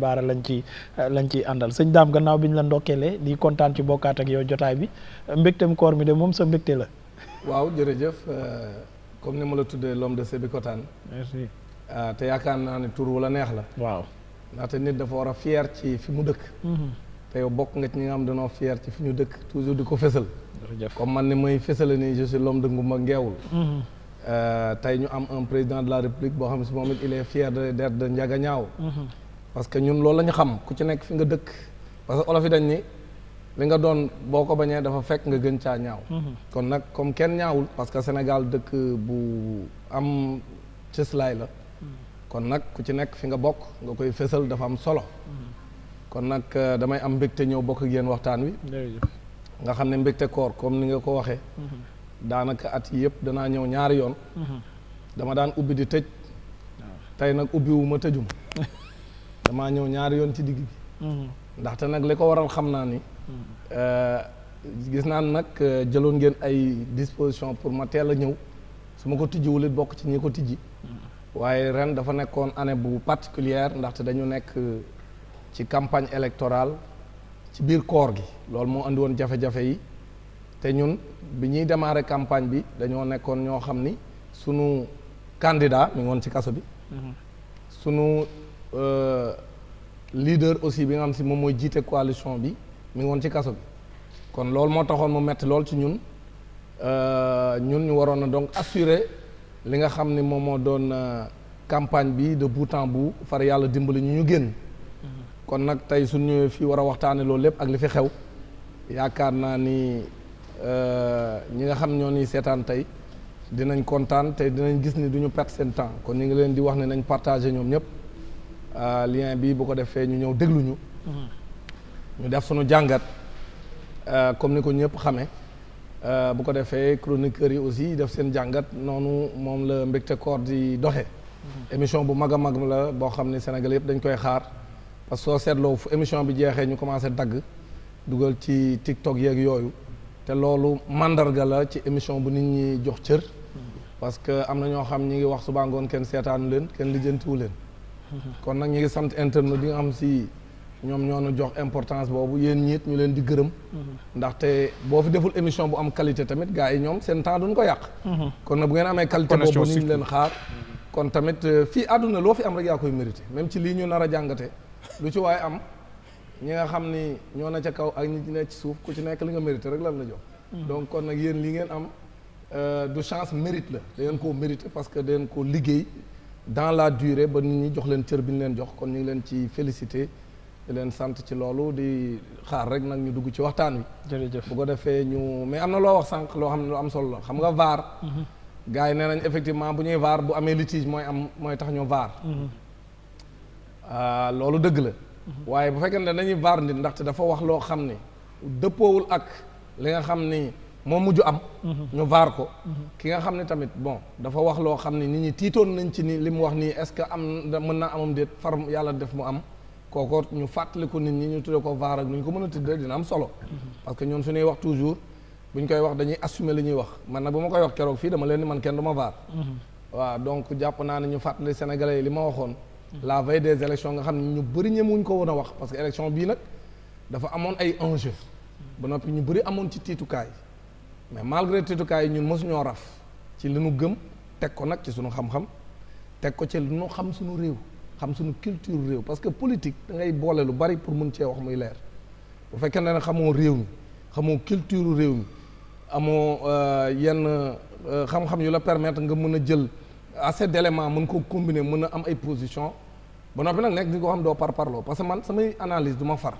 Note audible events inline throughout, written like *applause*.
baara lañ ci lañ ciy àndal sëñ daam gannaaw bi ñu la ndokkeelee di kontaan ci bokkaat ak yow jotaay bi mbégteem koor mi de moom sa mbégte la. waaw jërëjëf euh, comme ni ma la tuddee l'homme de Sébikotane. merci euh, te yaakaar naa ne tur wala neex la. waaw ndaxte nit dafa war a ci fi mu dëkk. Mm-hmm. te yow bokk nga ci ñi nga xam dañoo fier ci fi ñu dëkk toujours di ko fësal. comme man ni may fësale nii je suis l'homme de Ngoumba Ngeewul. Mm-hmm. Euh, tey ñu am un président de la République boo xam ne si moom it il parce que ñun loolu lañu ñu xam ku ci nekk fi nga dëkk parce olof yi dañ ni li nga doon boo ko bañee dafa fekk nga gën caa ñaaw. Mhm. kon nag comme kenn ñaawul parce que Sénégal dëkk bu am cëslaay la. Mhm. kon nag ku ci nekk fi nga bokk nga koy fësal dafa am solo. Mhm. kon nag euh, damay am mbégte ñëw bokk génn waxtaan wi. nga xam ne mbégte koor comme ni nga ko waxee. daanaka at yii yëpp danaa ñëw ñaari yoon. dama daan ubbi di tëj. Ah. tey nag ubbiwu tëjum. *laughs* damaa ñëw ñaari yoon ci digg bi. Mhm. ndaxte nag li ko waral xam naa ni. Mhm. Euh, gis naa nag euh, jëloon ngeen ay disposition pour ma teel a ñëw su ma ko tijjiwul it bokk ci ñi ko tijji. Mhm. waaye ren dafa nekkoon année bu particulière ndaxte dañu nekk euh, ci campagne électorale ci biir koor gi loolu moo andi woon jafe-jafe yi te ñun bi ñuy demaare campagne bi dañoo nekkoon ñoo xam ni sunu candidat mi ngi ci kaso bi. sunu Euh, leader aussi bi nga xam si moom mooy jiite coalition bi mi ngi woon ci kaso bi kon loolu moo taxoon mu metti lool ci ñun euh, ñun ñu waroon na donc assurer li nga xam ni moom moo doon euh, campagne bi de bout en bout far yàlla dimbali ñu ñu génn kon nag tey suñ ñëwee fii war a waxtaane loolu lépp ak li fi xew yaakaar naa ni ñi nga xam ñoo nii seetaan tey dinañ kontaan tey dinañ gis ni duñu perte seen temps kon ñu ngi leen di wax ne nañ partager ñoom ñëpp Euh, lien bi bu ko defee ñu ñëw dégluñu ñu. def suñu jàngat euh, comme ni ko ñëpp xamee euh, bu ko defee chroniqueurs yi aussi def seen jàngat noonu moom la Mbecté Koor di doxe émission bu mag a mag la boo xam ne Sénégal yëpp dañ koy xaar parce que soo seetloo fu émission bi jeexee ñu commencé dagg dugal ci TikTok yeeg yooyu te loolu mandarga la ci émission bu nit ñi jox cër. parce que am na ñoo xam ñi ngi wax suba ngoon kenn seetaanu leen kenn lijjantiwu leen. kon nag ñu ngi sant internet di nga xam si ñoom ñoo nu jox importance boobu yéen ñiit ñu leen di gërëm. ndaxte boo fi deful émission bu am qualité tamit gars yi ñoom seen temps duñ ko yàq. kon nag bu ngeen amee qualité boobu ni ñu leen xaar. kon tamit euh, fii a jàngate nga xam ni ñoo mm-hmm. na ngeen am euh, mérite parce que da ngeen koo liggéey. dans la dure ba nit ñi jox leen cër bi ñu leen jox kon ñu ngi leen ci félicité leen sant ci loolu di xaar rek nag ñu dugg ci waxtaan wi. jërëjëf bu ko defee ñu mais am na loo wax sànq loo xam ne loo am solo la xam nga vaar. Mhm. gars yi nee nañ effectivement bu ñuy vaar bu amee litige mooy am mooy tax ñu vaar. Mhm. Ah, loolu dëgg la. Mhm. waaye bu fekkee ne dañuy vaar nit ndaxte dafa wax loo xam ne dëppoowul ak li nga xam ni. moo mujj am. Mhm. ñu vaar ko. Mhm. ki nga xam ne tamit bon dafa wax loo xam ne nit ñi tiitoon nañ ci ni li mu wax nii est-ce que am na mën naa amam déet far yàlla def mu am kooko ñu fàttali ko nit ñi ñu tuddee ko vaar ak nu ñu ko mën a tuddee dina am solo. Mhm. parce que ñun su ñuy wax toujours bu ñu koy wax dañuy assumer li ñuy wax man nag bu ma koy wax keroog fii dama leen ni man kenn du ma vaar. waaw donc jàpp naa ne ñu fàttali Sénégalais yi li ma waxoon. la veille des élections nga xam ne ñu bëri ñemewuñ ko woon a wax parce que élection bii nag dafa amoon ay enjeux. ba noppi ñu bëri amoon ci tiitukaay mais malgré titukaay yi ñun mosu ñoo raf ci lu nu gëm teg ko nag ci suñu xam-xam teg ko ci lu nu xam suñu réew xam suñu culture réew parce que politique da ngay boole lu bari pour mun cee wax muy leer bu fekkee ne xamoo réew mi xamoo culture réew mi amoo euh, yenn euh, xam-xam yu la permettre nga mën a jël assez d'éléments mun ko combiner mun a am ay position ba noppi nag nekk di ko xam doo par parloo parce que man samay analyse du ma far.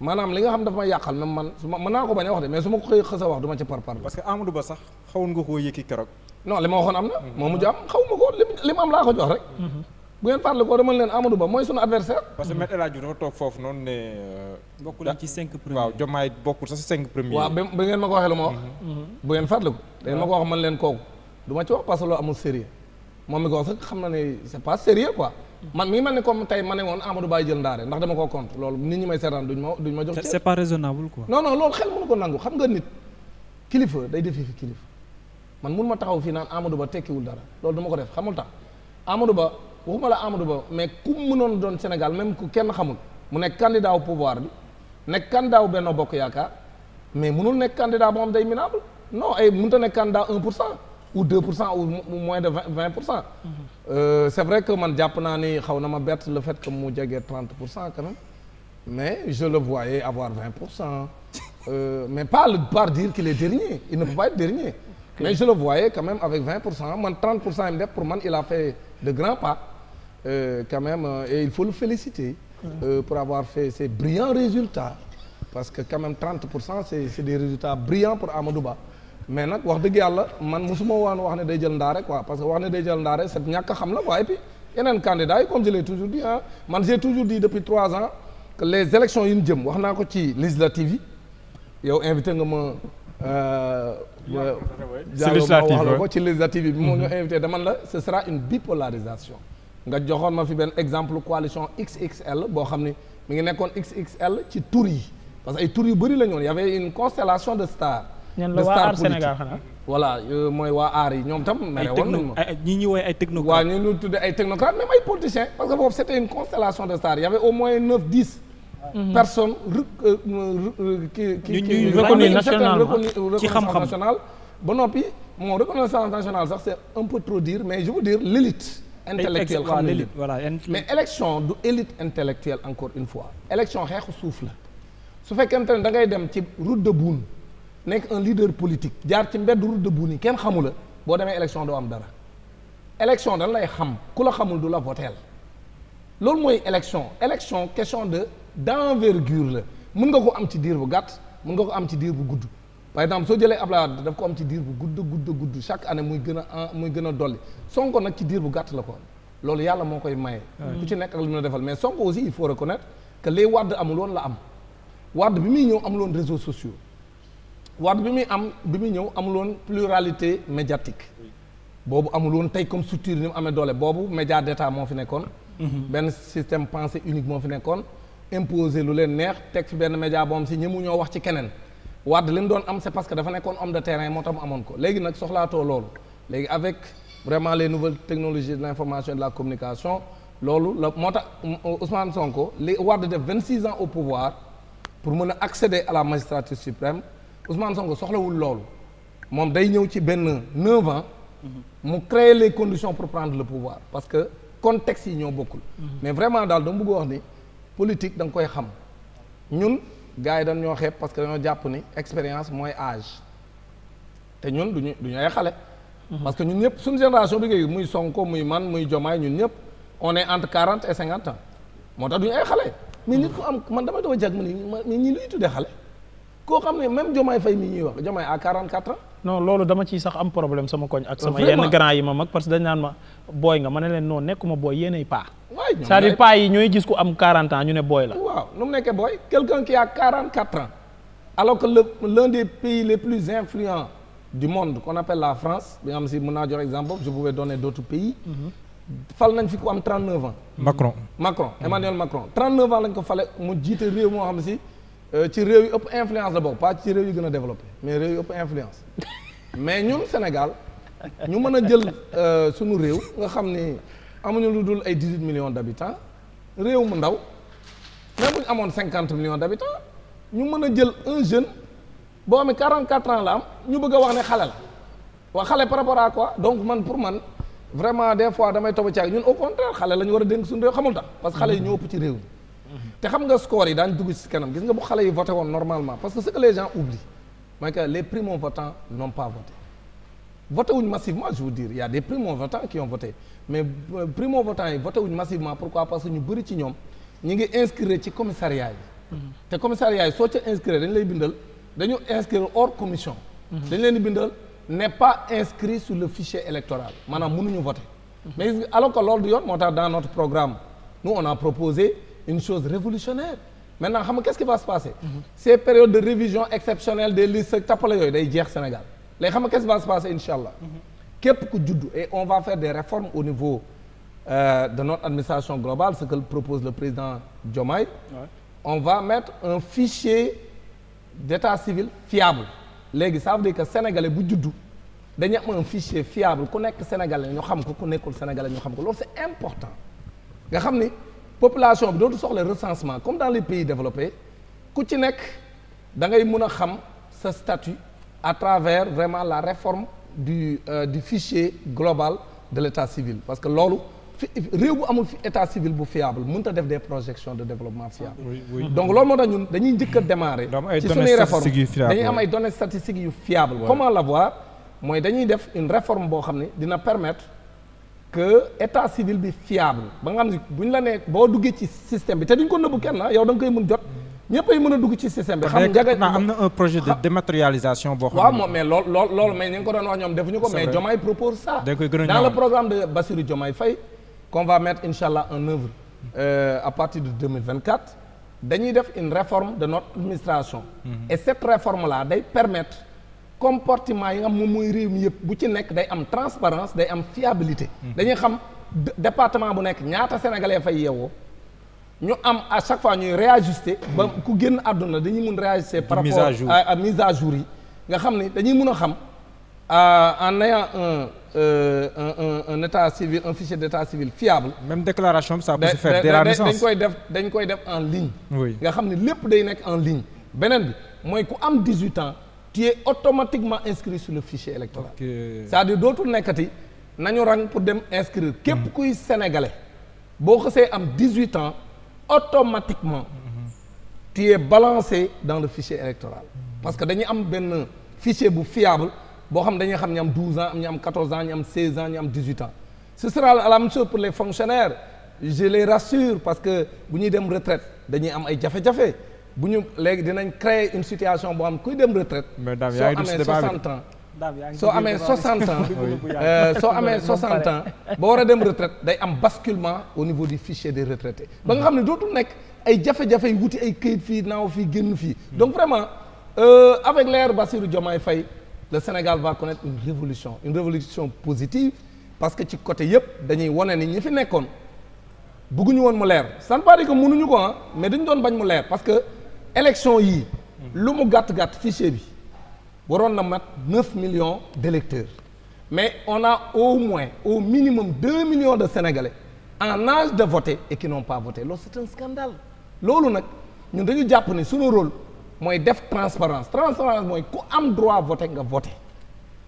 maanaam li nga xam dafa ma yàqal même man su ma mën naa ko bañ a wax de mais su ma ko xëy xës a wax du ma ci par par parce que Amadou Ba sax xawoon nga koo yëkki keroog non mhm. leen Amadou Ba mooy sunu adversaire parce que Maître El Hadj Diouf dafa toog foofu noonu ne euh, bokkul ci cinq premiers waaw Diomaye bokkul sax ci cinq ba ngeen ma ko waxee lu ma wax mhm. bu ngeen fàttaliku dañ ma ko wax man leen kooku du ci wax parce amul sérieux moom mi ko xam na ne c'est pas sérieux quoi man mi ngi mel ni comme tey ma ne woon Amadou Baye jël ndaare ndax dama ko compte loolu nit ñi may seetaan duñ ma jox c'est pas raisonnable quoi non loolu xel mënu ko nangu xam nga nit kilifa day def fi kilifa man mun ma taxaw fii naan Amadou Ba tekkiwul dara loolu dama ko def xamul tax Amadou Ba waxuma la Amadou Ba mais ku mënoon doon Sénégal même ku kenn xamul mu nekk candidat au pouvoir bi nekk candidat wu Benno Yaakaar mais mënul nekk candidat boo xam day minable non ay mënut a nekk candidat un pour cent ou 2 pour cent ou moins de 20 pour cent. Euh, c'est vrai que man jàpp naa ni xaw na ma bett le fait que mu jege 30 pour cent quand même mais je le voyais avoir pour cent euh, mais pas le par dire qu'il est dernier il ne peut pas être dernier. mais je le voyais quand même avec 20 pour cent man 30 pour cent yi mu man il a fait de grands pas euh, quand même euh, et il faut le féliciter. Mm. Euh, pour avoir fait ces brillants résultats parce que quand même pour cent c'est c'est des résultats brillants pour amadouba mais nag wax dëgg yàlla man mosuma woon wax ne day jël ndaa rek parce que wax ne day jël ndaa rek c'est ñàkk xam la quoi et puis yeneen candidats yi comme je l'ai toujours dit ah man j'ai toujours dit depuis trois les élections yi ñu jëm wax naa ko ci législative yi yow invité nga ma. ci euh, législative wax la ko ci législative yi. moo ñu mhm. invité dama la ce sera une bipolarisation. nga joxoon ma fi benn exemple coalition XXL boo xam ni mu ngi nekkoon XXL ci tur yi parce que ay tur yu bëri la ñu woon y une constellation de stars. ñan la waa aar Sénégal euh, mooy waa aar yi ñoom tam mere woon nañ ma ñi ñi wooy ay technocrate waaw ñu ñu tuddee ay technocrate même ay politiciens parce que boobu c' était une constellation de stars y avait au moins neuf dix mhm. personnes ki euh, ki ñuy reconnu ba noppi moo reconnaissance nationale sax c' est un peu trop dire mais je veux dire l' élite intellectuelle xam nga voilà mais élection du élite intellectuelle encore une fois élection xeexu suuf la su fekkente ne da ngay dem ci route de Boune nekk un leader politique jaar ci mbedd route de Bouni kenn xamu la boo demee élection doo am dara élection dañ lay xam ku la xamul du la booteel loolu mooy élection élection question de d'envergure la mun nga ko am ci diir bu gàtt mën nga ko am ci diir bu gudd par exemple soo jëlee Abdoulaye Wade daf ko am ci diir bu gudd gudd gudd chaque année muy gën a ah, muy gën a dolli Sonko nag ci diir bu gàtt la ko am loolu yàlla moo koy maye. ku ci nekk ak lu mu la defal mais Sonko aussi il faut reconnaître que les Wade amul woon la am Wade bi muy ñëw amul woon réseaux sociaux. waat bi muy am bi muy ñëw amuloon woon pluralité médiatique boobu amul woon tey comme structure ni mu amee doole boobu média d'état moo fi nekkoon mhm. benn système pensée unique moo fi nekkoon imposer lu leen neex teg fi benn média boo am si mu ñoo wax ci keneen wadd leen doon am c'est parce que dafa nekkoon homme de terrain moo tax amoon ko léegi nag soxlaatoo loolu léegi avec vraiment les nouvelles technologie de l'information et de la communication loolu la moo tax Ousmane Sonko li wadd def vingt six ans au pouvoir pour mën a accéder à la magistrature suprême Ousmane Sonko soxlawul loolu moom day ñëw ci benn neuf ans mu créer les conditions pour prendre le pouvoir parce que contexte yi ñoo bokkul mais vraiment daal dama bëgg wax ni politique da nga koy xam ñun gars yi dañ ñoo xeeb parce que dañoo jàpp ni expérience mooy âge te ñun duñu du ñu ay xale parce que ñun ñëpp suñu génération bi ngay muy Sonko muy man muy Jomaay ñun ñëpp on est entre quarante et cinquante ans moo tax du ay xale mais nit ko am man dama dama jag ma ni ñi luy tuddee xale koo xam ne même Diomaye Faye mi ñuy wax Diomaye à 44 ans. non loolu dama ciy sax am problème sama koñ ak sama yenn grand yi ma mag parce que dañ naan ma booy nga ma ne leen noonu nekkuma booy yéenay paa. waay c'est-à-dire paa yi ñooy gis ku am 40 ans ñu ne booy la. waaw nu mu nekkee booy quelqu'un qui a 44 ans. alors que le l'un des pays les plus influents du monde qu'on appelle la France bi nga xam si mën naa jox exemple je pouvais donner d'autres pays. Mhm. fal nañ fi ku am 39 ans. Macron Macron Emmanuel Macron 39 ans lañ ko fale mu jiite réew moo xam si. Euh, ci réew yu ëpp influence la bokk pas ci réew yu gën a développé mais réew yu ëpp influence mais ñun Sénégal ñu mën a jël euh, sunu réew nga xam ni amuñu lu dul ay dix-huit millions d'habitants réew mu ndaw même bu ñu amoon cinquante millions d'habitants ñu mën a jël un jeune boo amee quarante-quatre ans la am ñu bëgg a wax ne xale la waa xale par rapport à quoi donc man pour man vraiment des fois damay toog ci ñun au xale la ñu war a dénk suñu réew que xale yi ñoo ci réew mi te xam nga score yi daañ dugg ci kanam gis nga bu xale yi voté woon normalement parce que ce que les gens oublient mooy que les primo-votants n'ont pas voté voté wuñ massivement je veux dire il y a des primo-votants qui ont voté mais euh, primo-votants yi voté wuñ massivement pourquoi parce ñu bëri ci ñoom ñu ngi inscrire ci commissariat yi mhm. te commissariat yi soo ca inscrire dañu lay bindal dañu inscrire hors commission mhm. dañ leen bindal ne pas inscrit sur le fichier électoral maanaam mënuñu voter mhm. mais alors loolu yoon moo tax dans notre programme nous on une chose révolutionnaire maintenant xam nga qu'est-ce qui va se passer ces périodes de révision exceptionnelle des listes ak tappale yooyu day jeex Sénégal léegi xam nga qu'est-ce qui va se passer insha allah képp ku juddu et on va faire des réformes au niveau euh, de notre administration globale ce que propose le président Diomaye on va mettre un fichier d'état civil fiable léegi ça veut dire que sénégalais bu juddu dañu am un fichier fiable ku nekk sénégalais ñu xam ko ku nekkul sénégalais ñu xam ko loolu c'est important nga xam ni population bi dootu soxla recensement comme dans les pays développés ku ci nekk da ngay mën a xam sa statut à travers vraiment la réforme du euh, du fichier global de l'état civil parce que loolu fi réew bu amul fi état civil bu fiable mënut a def des projections de développement fiable oui, oui. donc loolu moo tax ñun dañuy njëkk a démarrer ci suñuy réforme dañuy am ay données statistiques yu fiable comment l'avoir mooy dañuy def une réforme boo xam ne dina permettre que état civil bi fiable ba nga xam ne bu ñu la nee boo duggee ci système bi te duñ ko nëbbu kenn ah, yow da nga koy mun jot ñëpp ay a dugg ci système bi. xam nga am na un projet de dématérialisation boo. xam ne moom mais lool lool mais ñu ngi ko doon wax ñoom defuñu ko. mais Diomaye propose ça. dans le programme de Bassirou Diomaye Faye qu'on va mettre incha allah en œuvre euh, à partir de dañuy def une réforme de notre administration. Mm-hmm. et cette réforme là day permettre. comportement yi nga xam moom mooy réew mi yëpp bu ci nekk day am transparence day am fiabilité hmm. dañuy xam département bu nekk ñaata sénégalais fa yeewoo ñu am à chaque fois ñuy réajuster hmm. ba ku génn àdduna dañuy mun réajuster par rapport à mise à jour yi nga xam ni dañuy mun a xam a euh, en ayant un Euh, un, un un état civil un fichier d' état civil fiable. même déclaration bi ça peut se faire dès dañ koy def dañ koy def en ligne. nga xam ne lépp day nekk en ligne. beneen bi mooy ku am 18 ans tu es automatiquement inscrit sur le fichier électoral c'est-à-dire dootul nekkati nañu rang pour dem inscrire képp mm-hmm. kuy sénégalais boo xasee am dix-huit ans automatiquement mm-hmm. tu es balancé dans le fichier électoral mm-hmm. parce que dañuy am benn fichier bu fiable boo xam dañuy xam ñu am douze ans am ñu am quatorze ans ñu am seize ans ñu am dix-huit ans ce sera la même pour les fonctionnaires je les rassure parce que bu ñuy dem retraite dañuy am ay jafe-jafe bu ñu léegi dinañ créer une situation boo xam kuy dem retraite soo amee soixante ans soo amee soixante ans soo amee soixante ans ba war a dem retraite day am basculement au niveau du fichier de retraités ba nga xam ne dootul nekk ay jafe-jafe yi wuti ay këyit fii naaw fii génn fii donc vraiment euh, avec l'ère Bassirou Diomaye Faye le Sénégal va connaître une révolution une révolution positive parce que ci côté yëpp dañuy wone ni ñi fi nekkoon bëgguñu woon mu leer ça ne veut pas mënuñu ko ah mais dañu doon bañ mu leer parce que élection yii. lu mu gàtt gàtt fichier bi waroon na mat neuf millions d'électeurs mais on a au moins au minimum deux millions de Sénégalais en âge de voter et qui n'ont pas voté loolu c'est loolu nag ñun dañu jàpp ne suñu rôle mooy def transparence transparence mooy ku am droit voter nga voter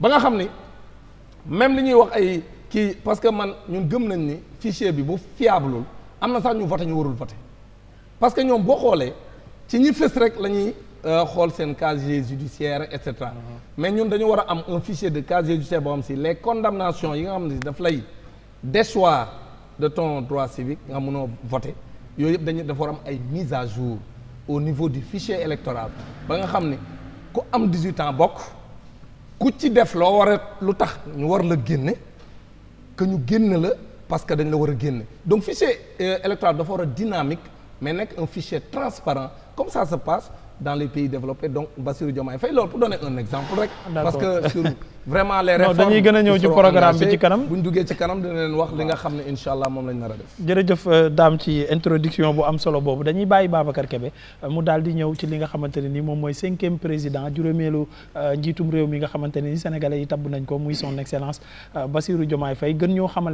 ba nga xam ni même li ñuy wax ay kii parce que man ñun gëm nañ ni fichier bi bu fiableul am na sax ñu voter ñu warul voter parce que ñoom boo xoolee. ci ñi fës rek la ñuy euh, xool seen casier judiciaire et cetera mm-hmm. mais ñun dañu war a am un fichier de casier judiciaire boo xam si les condamnations yi nga xam ne daf lay déchoir de ton droit civique nga mënoo voter yooyu yëpp dañu dafa war am ay mise à jour au niveau du fichier électoral ba nga xam ne ku am 18 ans bokk ku ci def loo war a lu tax ñu war la génne que ñu génne la parce que dañ la war a génne donc fichier euh, électoral dafa war a dynamique mais nekk un fichier transparent comme ça se passe dans les pays développés donc Bassirou Diomaye Faye loolu pour donner un exemple rek. parce *laughs* dañuy gën a ñëw ci programme bi ci kanam. bu ñu duggee ci kanam dina leen wax li nga xam ne incha allah moom lañ nar a def. jërëjëf euh, daam ci introduction bu am solo boobu dañuy bàyyi Babacar Kébé euh, mu daal di ñëw ci li nga xamante ne ni moom mooy cinquième président juróomeelu euh, njiitum réew mi nga xamante ne ni sénégalais yi tabb nañ ko muy son excellence Bassirou Diomaye Faye gën ñoo xamal.